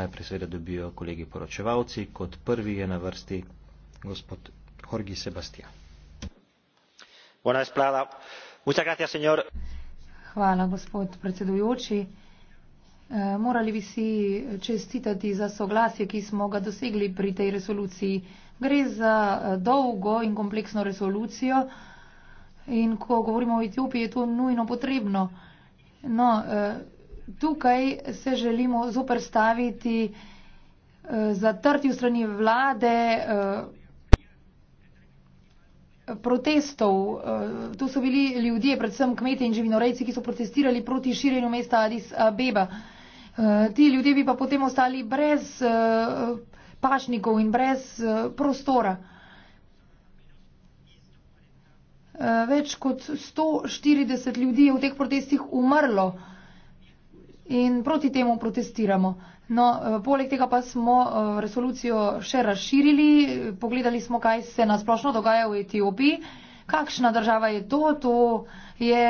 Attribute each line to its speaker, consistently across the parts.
Speaker 1: najprej seveda dobijo kolegi poročevalci. Kot prvi je na vrsti gospod Horgi Sebastija.
Speaker 2: Hvala, gospod predsedujoči. Eh, morali bi si čestitati za soglasje, ki smo ga dosegli pri tej resoluciji. Gre za eh, dolgo in kompleksno resolucijo in ko govorimo o Etiopiji, je to nujno potrebno. No, eh, tukaj se želimo zoprstaviti eh, zatrti v strani vlade eh, protestov. Eh, to so bili ljudje, predvsem kmete in živinorejci, ki so protestirali proti širjenju mesta Adis Abeba. Ti ljudje bi pa potem ostali brez pašnikov in brez prostora. Več kot 140 ljudi je v teh protestih umrlo in proti temu protestiramo. No, eh, poleg tega pa smo eh, resolucijo še razširili, eh, pogledali smo, kaj se nasplošno dogaja v Etiopiji. Kakšna država je to? To je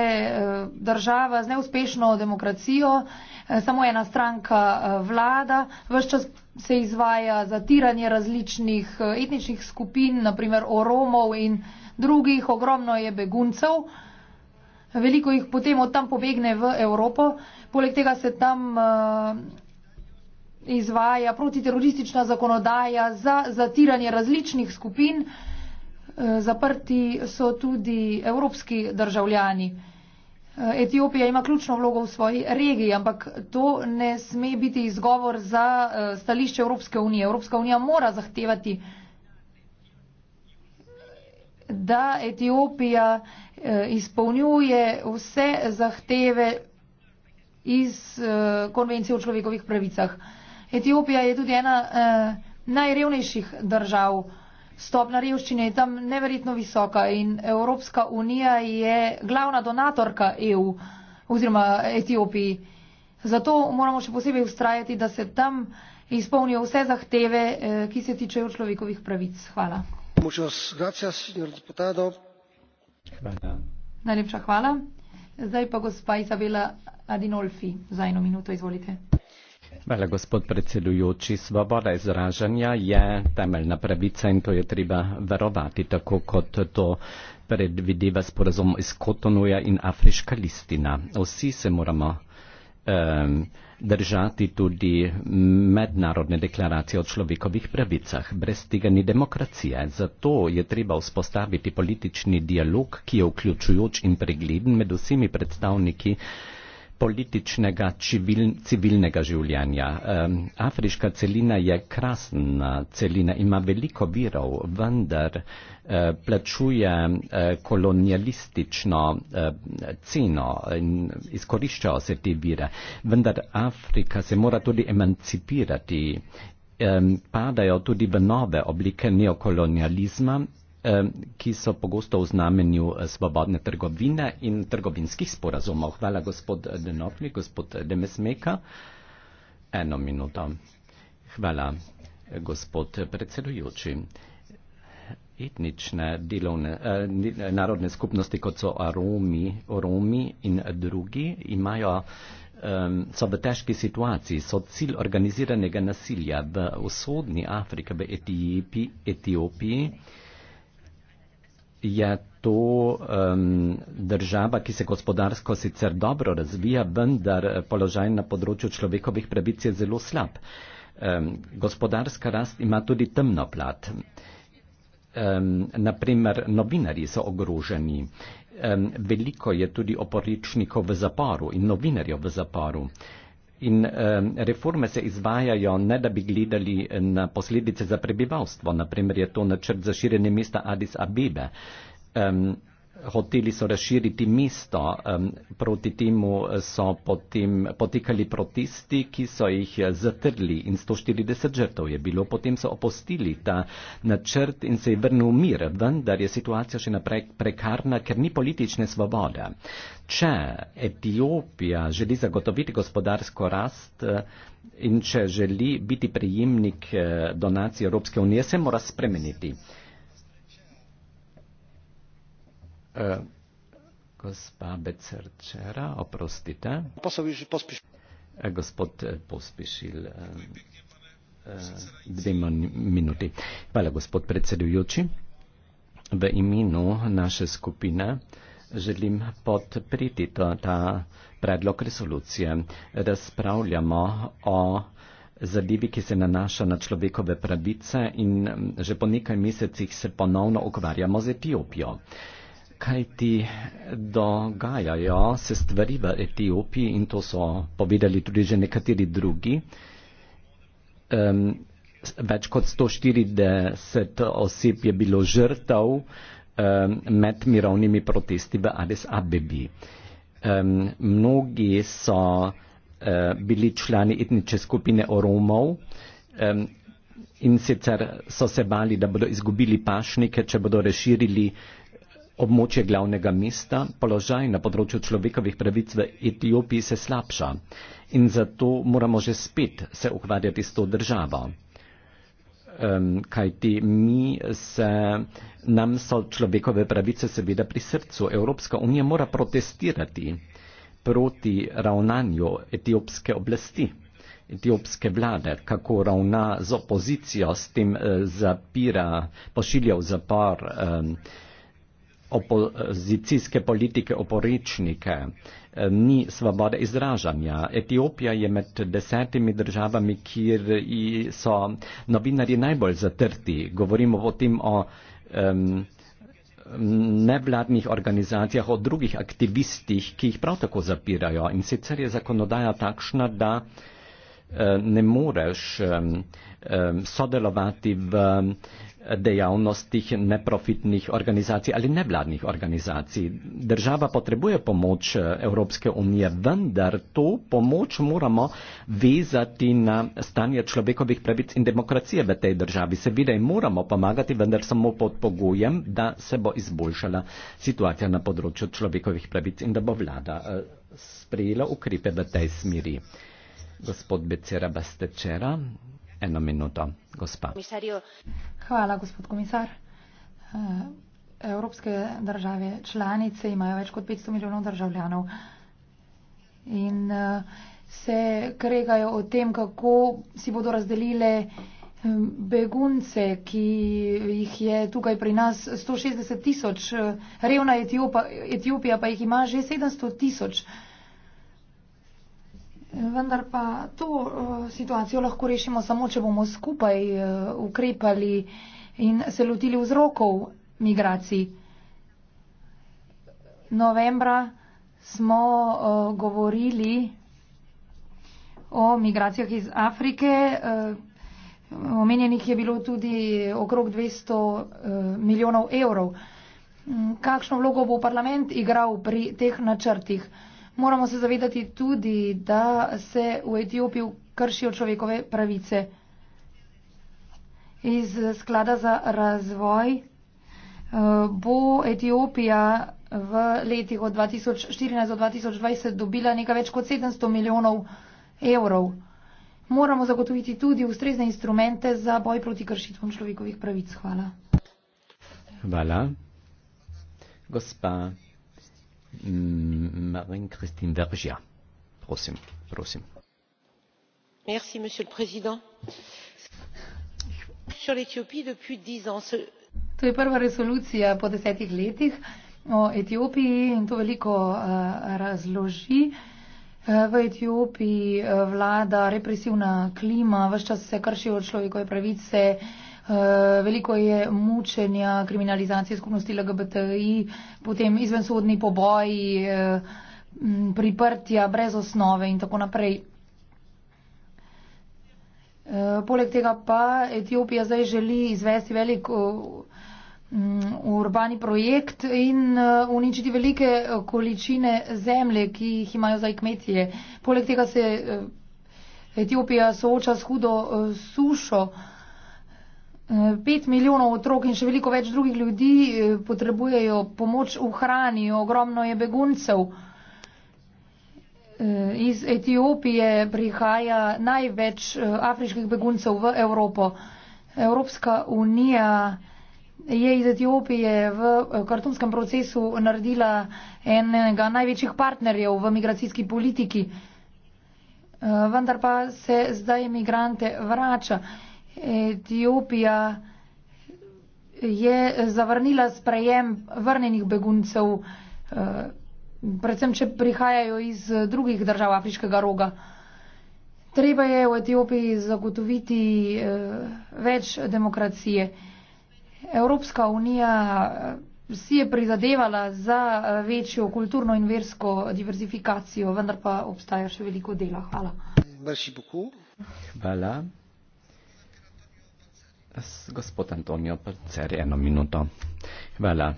Speaker 2: država z neuspešno demokracijo, samo ena stranka vlada, vse čas se izvaja zatiranje različnih etničnih skupin, naprimer oromov in drugih, ogromno je beguncev. Veliko jih potem od tam pobegne v Evropo. Poleg tega se tam uh, izvaja protiteroristična zakonodaja za zatiranje različnih skupin. Uh, zaprti so tudi evropski državljani. Eh, Etiopija ima ključno vlogo v svoji regiji, ampak to ne sme biti izgovor za stališče Evropske unije. Evropska unija mora zahtevati uh, da Etiopija eh, izpolnjuje vse zahteve iz eh, konvencije o človekovih pravicah. Etiopija je tudi ena eh, najrevnejših držav. Stopna revščine je tam neverjetno visoka in Evropska unija je glavna donatorka EU oziroma Etiopiji. Zato moramo še posebej ustrajati, da se tam izpolnijo vse zahteve, ki se tičejo človekovih pravic. Hvala najlepša hvala zdaj pa gospa izabela adinolfi za eno minuto izvolite
Speaker 3: Hvala, gospod predsedujoči. Svoboda izražanja je temeljna pravica in to je treba verovati, tako kot to predvideva sporazum iz Kotonuja in Afriška listina. Vsi se moramo um, držati tudi mednarodne deklaracije o človekovih pravicah. Brez tega ni demokracije. Zato je treba vzpostaviti politični dialog, ki je vključujoč in pregleden med vsemi predstavniki uh, političnega civil, civilnega življenja. Um, Afriška celina je krasna celina, ima veliko virov, vendar eh, plačuje eh, kolonialistično eh, ceno in izkoriščajo se te vire. Vendar Afrika se mora tudi emancipirati, padajo tudi v nove oblike neokolonializma ki so pogosto v znamenju eh, svobodne trgovine in trgovinskih sporazumov. Hvala gospod Denopli, gospod Demesmeka. Eno minuto. Hvala gospod predsedujoči. Etnične delovne, eh, narodne skupnosti, kot so Aromi, Romi in drugi, imajo, eh, so v težki situaciji, so cilj organiziranega nasilja v vzhodni Afriki, v Etiopiji. Etiopiji je to um, država, ki se gospodarsko sicer dobro razvija, vendar položaj na področju človekovih pravic je zelo slab. Um, gospodarska rast ima tudi temno plat. Um, naprimer, novinari so ogroženi. Um, veliko je tudi oporičnikov v zaporu in novinarjev v zaporu. In reforme se izvajajo, ne da bi gledali na posledice za prebivalstvo. Naprimer je to načrt za širjenje mesta Addis Abebe hoteli so razširiti mesto. Proti temu eh, so potem potekali protesti, ki so jih eh, zatrli in 140 žrtev je bilo. Potem so opustili ta načrt in se je vrnil mir, vendar je situacija še naprej prekarna, ker ni politične svobode. Če Etiopija želi zagotoviti gospodarsko rast eh, in če želi biti prejemnik donacij Evropske unije, se mora spremeniti. E, gospa Becerčera, oprostite. E, gospod e, Pospišil, dve minuti. Hvala, gospod predsedujoči. V imenu naše skupine želim podpriti ta, ta predlog resolucije. Razpravljamo o zadevi, ki se nanaša na človekove pravice in že po nekaj mesecih se ponovno ukvarjamo z Etiopijo kaj ti dogajajo se stvari v Etiopiji in to so povedali tudi že nekateri drugi. Um, več kot 140 oseb je bilo žrtav um, med mirovnimi protesti v Addis Abebi. Um, mnogi so uh, bili člani etnične skupine Oromov. Um, In sicer so se bali, da bodo izgubili pašnike, če bodo reširili uh, Območje glavnega mesta, položaj na področju človekovih pravic v Etiopiji se slabša in zato moramo že spet se ukvarjati s to državo. Um, kajti mi se, nam so človekove pravice seveda pri srcu. Evropska unija mora protestirati proti ravnanju etiopske oblasti, etiopske vlade, kako ravna z opozicijo, s tem uh, zapira, pošilja v zapor. Um, opozicijske politike oporečnike, ni svobode izražanja. Etiopija je med desetimi državami, kjer so novinari najbolj zatrti. Govorimo o tem o um, nevladnih organizacijah, o drugih aktivistih, ki jih prav tako zapirajo. In sicer je zakonodaja takšna, da Eh, ne moreš sodelovati v eh, dejavnostih neprofitnih organizacij ali nevladnih organizacij. Država potrebuje pomoč eh, Evropske unije, vendar to pomoč moramo vezati na stanje človekovih pravic in demokracije v tej državi. Seveda jim moramo pomagati, vendar samo pod pogojem, da se bo izboljšala situacija na področju človekovih pravic in da bo vlada sprejela ukrepe v tej smeri. Gospod Becera Bastečera, eno minuto, gospa.
Speaker 2: Hvala, gospod komisar. Eh, evropske države članice imajo več kot 500 milijonov državljanov in eh, se kregajo o tem, kako si bodo razdelile hm, begunce, ki jih je tukaj pri nas 160 tisoč, eh, revna Etiopija pa jih ima že 700 tisoč. Vendar pa to eh, situacijo lahko rešimo samo, če bomo skupaj eh, ukrepali in se lotili vzrokov migracij. Novembra smo eh, govorili o migracijah iz Afrike. Omenjenih je bilo tudi okrog 200 milijonov evrov. Mm, kakšno vlogo bo parlament igral pri teh načrtih? moramo se zavedati tudi, da se v Etiopiji kršijo človekove pravice. Iz sklada za razvoj eh, bo Etiopija v letih od 2014 do 2020 dobila nekaj več kot 700 milijonov evrov. Moramo zagotoviti tudi ustrezne instrumente za boj proti kršitvam človekovih pravic. Hvala.
Speaker 3: Hvala. Gospa. Mm,
Speaker 2: monsieur le président sur
Speaker 3: l'éthiopie depuis dix ans ce.
Speaker 2: to je prva resolucija po desetih letih o etiopiji in to veliko eh, razloži. Eh, v Etiopiji eh, vlada represivna klima, vse čas se kršijo človekove pravice, Eh, veliko je mučenja, kriminalizacije skupnosti LGBTI, potem izvensodni poboji, eh, priprtja brez osnove in tako naprej. Eh, poleg tega pa Etiopija zdaj želi izvesti velik urbani projekt in uničiti velike količine zemlje, ki jih imajo zdaj kmetije. Poleg tega se Etiopija sooča s hudo sušo. Pet milijonov otrok in še veliko več drugih ljudi eh, potrebujejo pomoč v hrani. Ogromno je beguncev. Eh, iz Etiopije prihaja največ eh, afriških beguncev v Evropo. Evropska unija je iz Etiopije v kartonskem procesu naredila enega največjih partnerjev v migracijski politiki. Vendar pa se zdaj imigrante vrača. Etiopija je zavrnila sprejem vrnenih beguncev, eh, predvsem, če prihajajo iz drugih držav afriškega roga. Treba je v Etiopiji zagotoviti eh, več demokracije. Evropska unija eh, si je prizadevala za večjo kulturno in versko diversifikacijo, vendar pa obstaja še veliko dela. Hvala.
Speaker 3: Hvala. Gospod Antonijo, predvsej eno minuto. Hvala.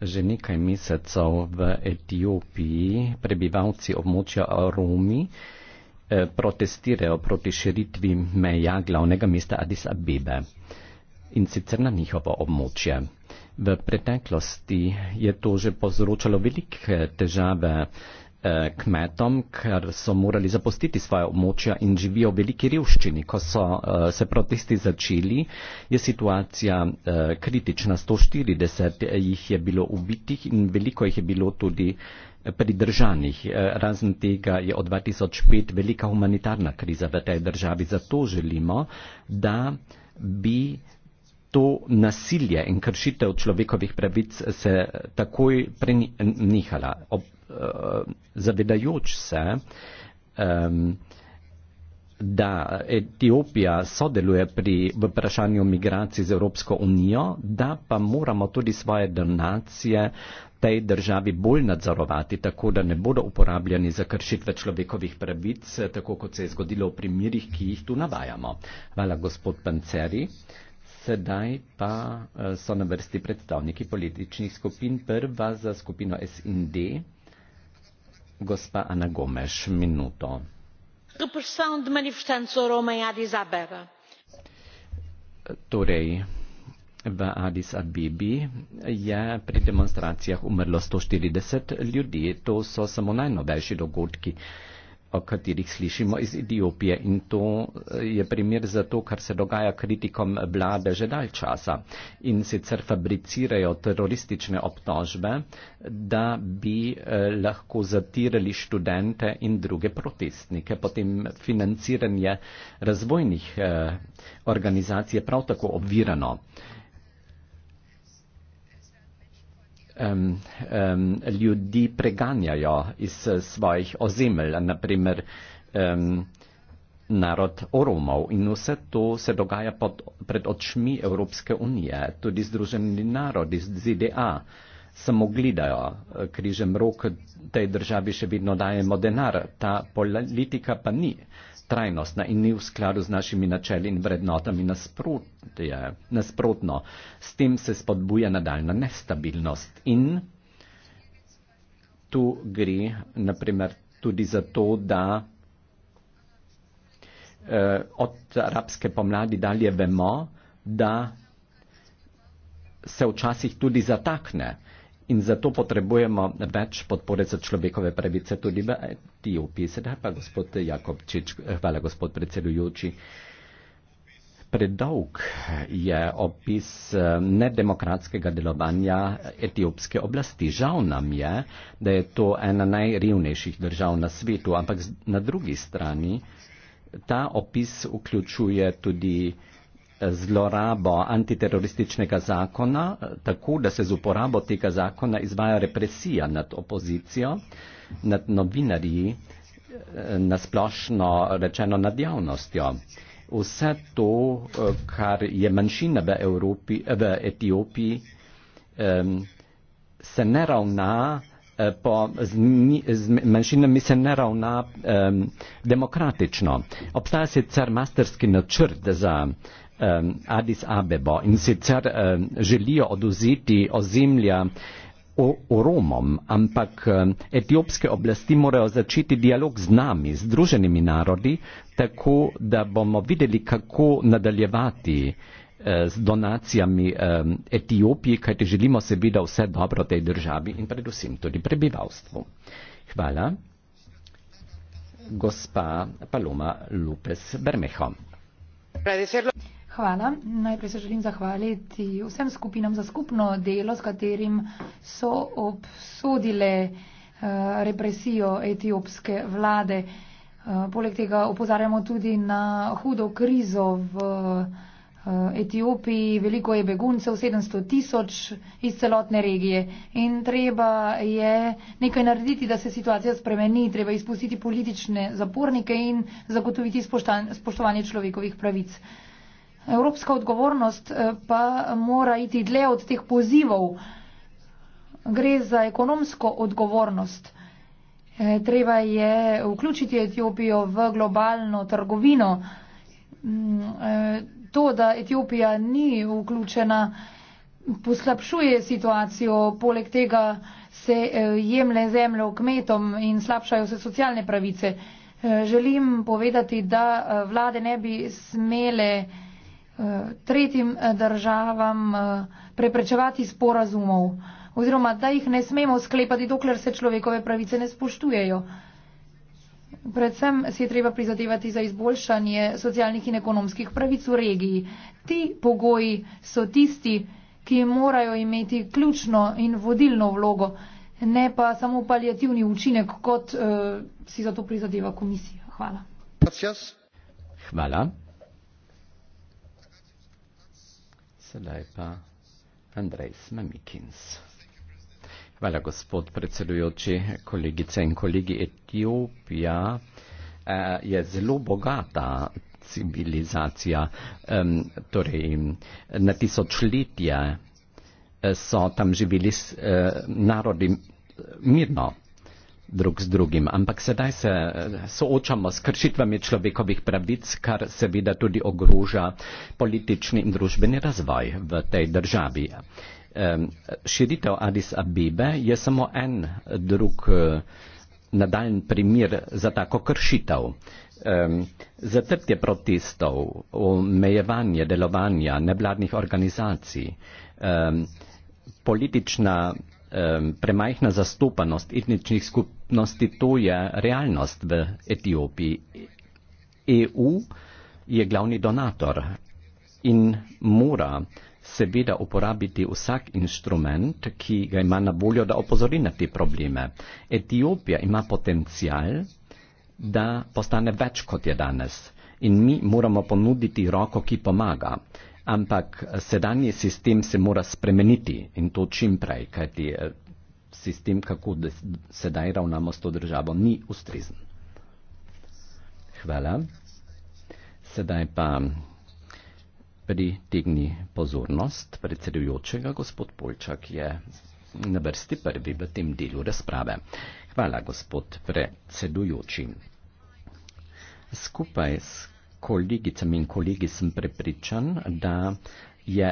Speaker 3: Že nekaj mesecev v Etiopiji prebivalci območja Rumi eh, protestirajo proti širitvi meja glavnega mesta Addis Abebe in sicer na njihovo območje. V preteklosti je to že povzročalo velike težave Eh, kmetom, ker so morali zapustiti svoje območja in živijo v veliki revščini. Ko so uh, se protesti začeli, je situacija uh, kritična. 140 jih je bilo ubitih in veliko jih je bilo tudi pridržanih. Razen tega je od 2005 velika humanitarna kriza v tej državi. Zato želimo, da bi to nasilje in kršitev človekovih pravic se takoj prenihala. Eh, zavedajoč se, da Etiopija sodeluje pri vprašanju migracij z Evropsko unijo, da pa moramo tudi svoje donacije tej državi bolj nadzorovati, tako da ne bodo uporabljeni za kršitve človekovih pravic, eh, tako kot se je zgodilo v primirih, ki jih tu navajamo. Hvala, gospod Panceri. Sedaj pa eh, so na vrsti predstavniki političnih skupin. Prva za skupino SND gospa ana gomes minuto.
Speaker 2: repressão de manifestantes ou roma em Addis Abeba.
Speaker 3: Torej, v Addis Abebi je pri demonstracijah umrlo 140 ljudi, to so samo najnovejši dogodki. Uh, o katerih slišimo iz Etiopije. In to eh, je primer za to, kar se dogaja kritikom vlade že dalj časa. In sicer fabricirajo teroristične obtožbe, da bi eh, lahko zatirali študente in druge protestnike. Potem financiranje razvojnih eh, organizacij je prav tako obvirano. um, um, ljudi preganjajo iz eh, svojih ozemelj, naprimer um, narod Oromov in vse to se dogaja pod, pred očmi Evropske unije, tudi Združeni narodi iz ZDA samo gledajo eh, križem rok, tej državi še vedno dajemo denar, ta politika pa ni trajnostna in ni v skladu z našimi načeli in vrednotami nasprot, je, nasprotno. S tem se spodbuja nadaljna nestabilnost in tu gre naprimer tudi za to, da eh, od arabske pomladi dalje vemo, da se včasih tudi zatakne. Eh, In zato potrebujemo več podpore za človekove pravice tudi v Etiopiji. Sedaj pa gospod Jakobčič, hvala gospod predsedujoči. Predolg je opis eh, nedemokratskega delovanja etiopske oblasti. Žal nam je, da je to ena najrevnejših držav na svetu, ampak na drugi strani ta opis vključuje tudi zlorabo antiterorističnega zakona, eh, tako da se z uporabo tega zakona izvaja represija nad opozicijo, nad novinarji, eh, nasplošno rečeno nad javnostjo. Vse to, eh, kar je manjšina v, Evropi, v Etiopiji, se ne ravna Po, z, z manjšinami se ne ravna um, demokratično. Obstaja sicer masterski načrt za Um, Addis Abebo. In sicer um, želijo oduzeti ozemlja Romom, ampak um, etiopske oblasti morajo začeti dialog z nami, z druženimi narodi, tako da bomo videli, kako nadaljevati eh, z donacijami Etiopiji, kajti želimo seveda vse dobro tej državi in predvsem tudi prebivalstvu. Hvala. Gospa Paloma Lupes Bermeho.
Speaker 2: Hvala. Najprej se želim zahvaliti vsem skupinam za skupno delo, s katerim so obsodile eh, represijo etiopske vlade. Eh, poleg tega opozarjamo tudi na hudo krizo v eh, Etiopiji. Veliko je beguncev, 700 tisoč iz celotne regije. In treba je nekaj narediti, da se situacija spremeni. Treba izpustiti politične zapornike in zagotoviti spoštovanje človekovih pravic. Evropska odgovornost eh, pa mora iti dlje od teh pozivov. Gre za ekonomsko odgovornost. Eh, treba je vključiti Etiopijo v globalno trgovino. Mm, eh, to, da Etiopija ni vključena, poslabšuje situacijo, poleg tega se jemle zemljo kmetom in slabšajo se socialne pravice. Želim povedati, da vlade ne bi smele. Eh, tretjim eh, državam eh, preprečevati sporazumov oziroma da jih ne smemo sklepati, dokler se človekove pravice ne spoštujejo. Predvsem si je treba prizadevati za izboljšanje socialnih in ekonomskih pravic v regiji. Ti pogoji so tisti, ki morajo imeti ključno in vodilno vlogo, ne pa samo paljativni učinek, kot uh, si za to prizadeva komisija. Hvala.
Speaker 3: Hvala. Sedaj pa Andrej Smemikins. Hvala, gospod predsedujoči, kolegice in kolegi. Etiopija eh, je zelo bogata civilizacija, torej na tisočletje eh, so tam živeli eh, narodi mirno drug z drugim. Ampak sedaj se eh, soočamo s kršitvami človekovih pravic, kar seveda tudi ogroža politični in družbeni razvoj v tej državi. Um, širitev Addis Abebe je samo en drug eh, nadaljen primer za tako kršitev. Um, zatrtje protestov, omejevanje delovanja nevladnih organizacij, um, politična premajhna zastopanost etničnih skupnosti, to je realnost v Etiopiji. EU je glavni donator in mora seveda uporabiti vsak instrument, ki ga ima na voljo, da opozori na te probleme. Etiopija ima potencial, da postane več kot je danes in mi moramo ponuditi roko, ki pomaga. Ampak eh, sedanji sistem se mora spremeniti in to čim prej, kajti eh, sistem, kako sedaj ravnamo s to državo, ni ustrezen. Hvala. Sedaj pa pritegni pozornost predsedujočega, gospod Polčak je na vrsti prvi v tem delu razprave. Hvala, gospod predsedujoči. Skupaj s kolegicam in kolegi sem prepričan, da je,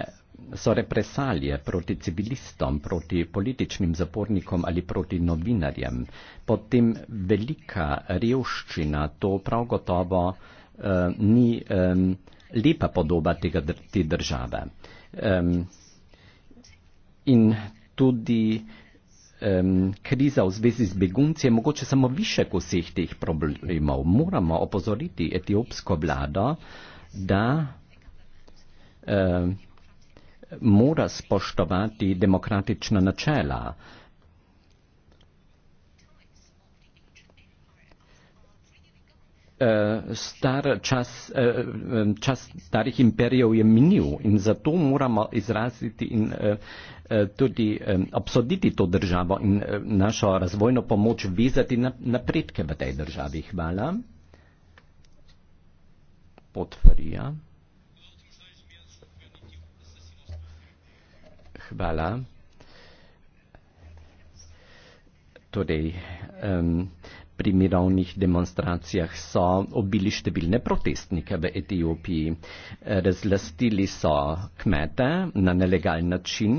Speaker 3: so represalije proti civilistom, proti političnim zapornikom ali proti novinarjem, potem velika revščina, to prav gotovo eh, ni eh, lepa podoba tega, te države. Eh, in tudi um, kriza v zvezi z begunci je mogoče samo višek vseh teh problemov. Moramo opozoriti etiopsko vlado, da um, mora spoštovati demokratična načela. Eh, star čas, eh, čas starih imperijev je minil in zato moramo izraziti in eh, tudi obsoditi to državo in našo razvojno pomoč vezati na napredke v tej državi. Hvala. Potvrja. Hvala. Torej, um, Pri mirovnih demonstracijah so obili številne protestnike v Etiopiji, razlastili so kmete na nelegalen način,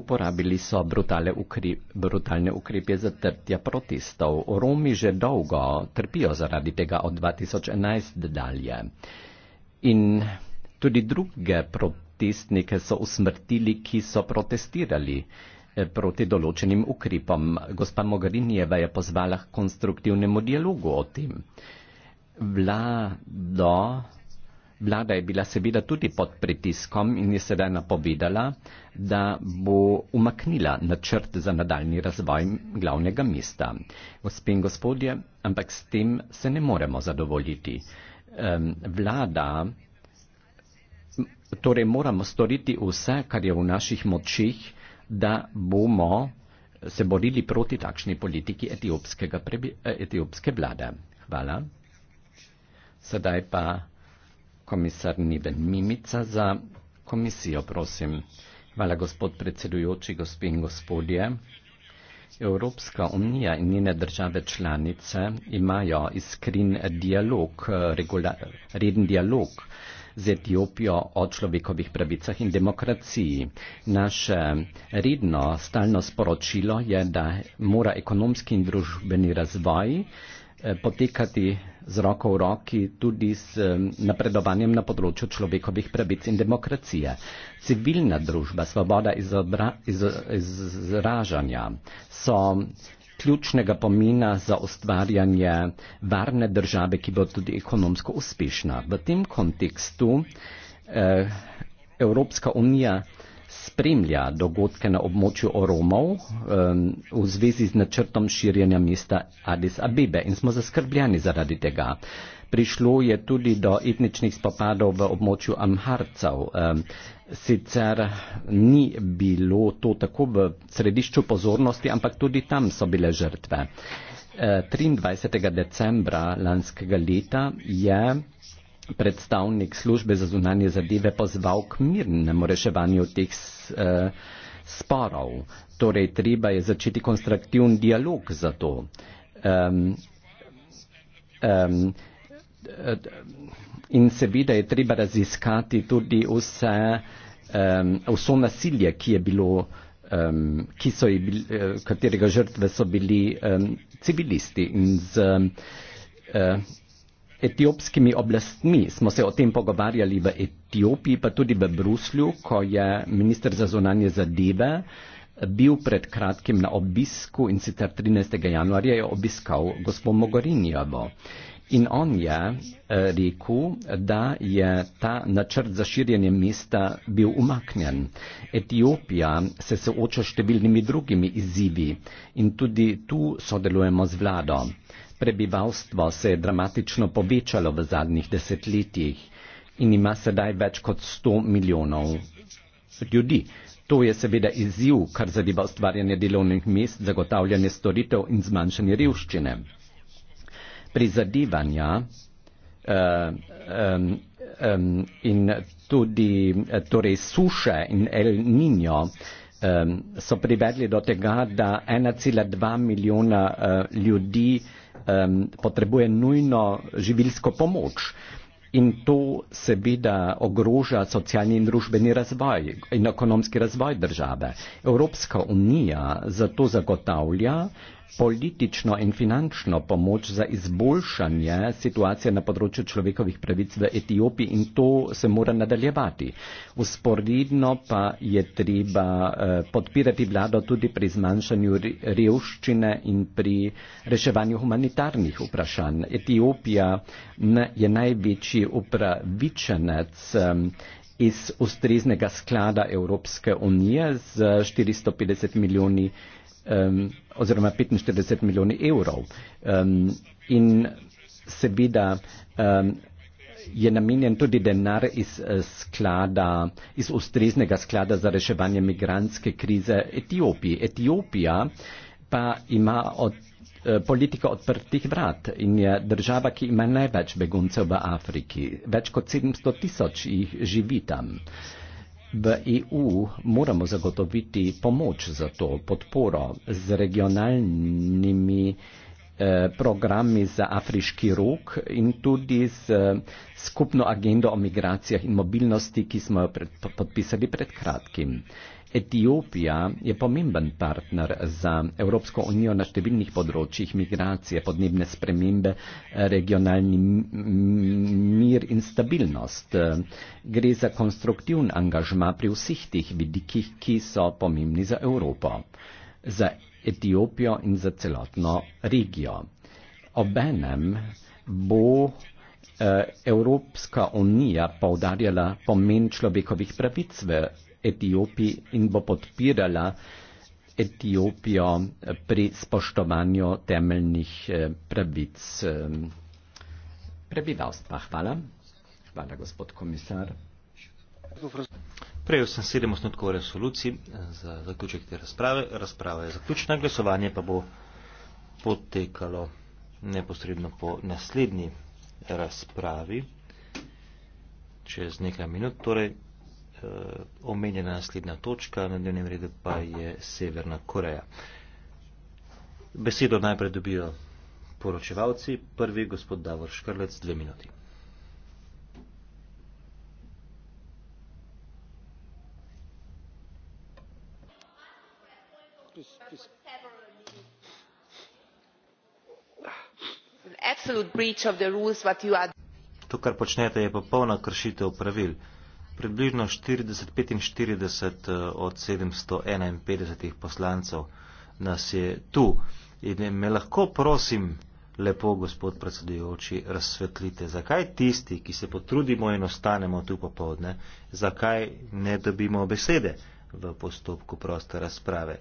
Speaker 3: uporabili so brutale ukrep, brutalne ukrepe za trtja protestov. Romi že dolgo trpijo zaradi tega od 2011 dalje. In tudi druge protestnike so usmrtili, ki so protestirali. Eh, proti določenim ukrepom. Gospa Mogarinjeva je pozvala k konstruktivnemu dialogu o tem. Vlado, vlada je bila seveda tudi pod pritiskom in je sedaj napovedala, da bo umaknila načrt za nadaljni razvoj glavnega mesta. Gospe in gospodje, ampak s tem se ne moremo zadovoljiti. Vlada, torej moramo storiti vse, kar je v naših močih, da bomo se borili proti takšni politiki prebi, eh, etiopske vlade. Hvala. Sedaj pa komisar Niven Mimica za komisijo, prosim. Hvala, gospod predsedujoči, gospi in gospodje. Evropska unija in njene države članice imajo iskren dialog, regula, reden dialog z Etiopijo o človekovih pravicah in demokraciji. Naše redno stalno sporočilo je, da mora ekonomski in družbeni razvoj eh, potekati z roko v roki tudi z eh, napredovanjem na področju človekovih pravic in demokracije. Civilna družba, svoboda izobra, iz, izražanja so ključnega pomena za ustvarjanje varne države, ki bo tudi ekonomsko uspešna. V tem kontekstu eh, Evropska unija spremlja dogodke na območju Oromov um, v zvezi z načrtom širjenja mesta Addis Abebe in smo zaskrbljeni zaradi tega. Prišlo je tudi do etničnih spopadov v območju Amharcev. Sicer ni bilo to tako v središču pozornosti, ampak tudi tam so bile žrtve. 23. Eh, decembra lanskega leta je predstavnik službe za zunanje zadeve pozval k mirnemu reševanju teh uh, sporov. Torej, treba je začeti konstruktivni dialog za to. Um, um, in seveda je treba raziskati tudi vse, um, vso nasilje, ki je bilo, um, ki so je bil, eh, katerega žrtve so bili um, civilisti. In z, um, etiopskimi oblastmi. Smo se o tem pogovarjali v Etiopiji, pa tudi v Bruslju, ko je minister za zunanje zadeve bil pred kratkim na obisku in sicer 13. januarja je obiskal gospod Mogorinjevo. In on je eh, rekel, da je ta načrt za širjenje mesta bil umaknjen. Etiopija se sooča s številnimi drugimi izzivi in tudi tu sodelujemo z vlado. Prebivalstvo se je dramatično povečalo v zadnjih desetletjih in ima sedaj več kot 100 milijonov ljudi. To je seveda izziv, kar zadeva ustvarjanje delovnih mest, zagotavljanje storitev in zmanjšanje revščine. Prizadevanja uh, um, um, in tudi eh, torej suše in El Niño um, so privedli do tega, da 1,2 milijona uh, ljudi uh, um, potrebuje nujno živilsko pomoč. In to seveda ogroža socialni in družbeni razvoj in ekonomski razvoj države. Evropska unija zato zagotavlja uh, politično in finančno pomoč za izboljšanje situacije na področju človekovih pravic v Etiopiji in to se mora nadaljevati. Usporedno pa je treba eh, podpirati vlado tudi pri zmanjšanju revščine in pri reševanju humanitarnih vprašanj. Etiopija je največji upravičenec eh, iz ustreznega sklada Evropske unije z 450 milijoni um, oziroma 45 milijonov evrov. Um, in seveda um, je namenjen tudi denar iz eh, sklada, iz ustreznega sklada za reševanje migranske krize Etiopiji. Etiopija pa ima od eh, politika odprtih vrat in je država, ki ima največ beguncev v Afriki. Več kot 700 tisoč jih živi tam. Uh, V EU moramo zagotoviti pomoč za to, podporo z regionalnimi eh, programi za afriški rok in tudi z eh, skupno agendo o migracijah in mobilnosti, ki smo jo pred, podpisali pred kratkim. Etiopija je pomemben partner za Evropsko unijo na številnih področjih migracije, podnebne spremembe, regionalni mir in stabilnost. Gre za konstruktivn angažma pri vseh tih vidikih, ki so pomembni za Evropo, za Etiopijo in za celotno regijo. Obenem bo eh, Evropska unija poudarjala pomen človekovih pravic v Etiopiji in bo podpirala Etiopijo pri spoštovanju temeljnih eh, pravic eh, prebivalstva. Hvala. Hvala, gospod komisar. Prejel sem sedem osnutkov resoluciji eh, za
Speaker 1: zaključek te razprave. Razprava je zaključena, glasovanje pa bo potekalo neposredno po naslednji razpravi čez nekaj minut. Torej, Eh, omenjena naslednja točka, na dnevnem redu pa je Severna Koreja. Besedo najprej dobijo poročevalci. Prvi, gospod Davor Škrlec, dve minuti. To, kar počnete, je popolna kršitev pravil približno 40-45 eh, od 751 poslancev nas je tu. In eh, me lahko prosim, lepo gospod predsedujoči, razsvetlite, zakaj tisti, ki se potrudimo in ostanemo tu popovdne, zakaj ne dobimo besede v postopku proste razprave.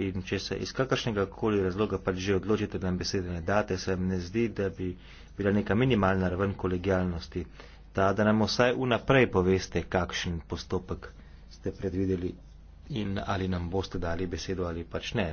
Speaker 1: In če se iz kakršnega koli razloga pač že odločite, da nam besede ne date, se mi ne zdi, da bi bila neka minimalna raven kolegijalnosti ta, da nam vsaj vnaprej poveste, kakšen postopek ste predvideli in ali nam boste dali besedo ali pač ne.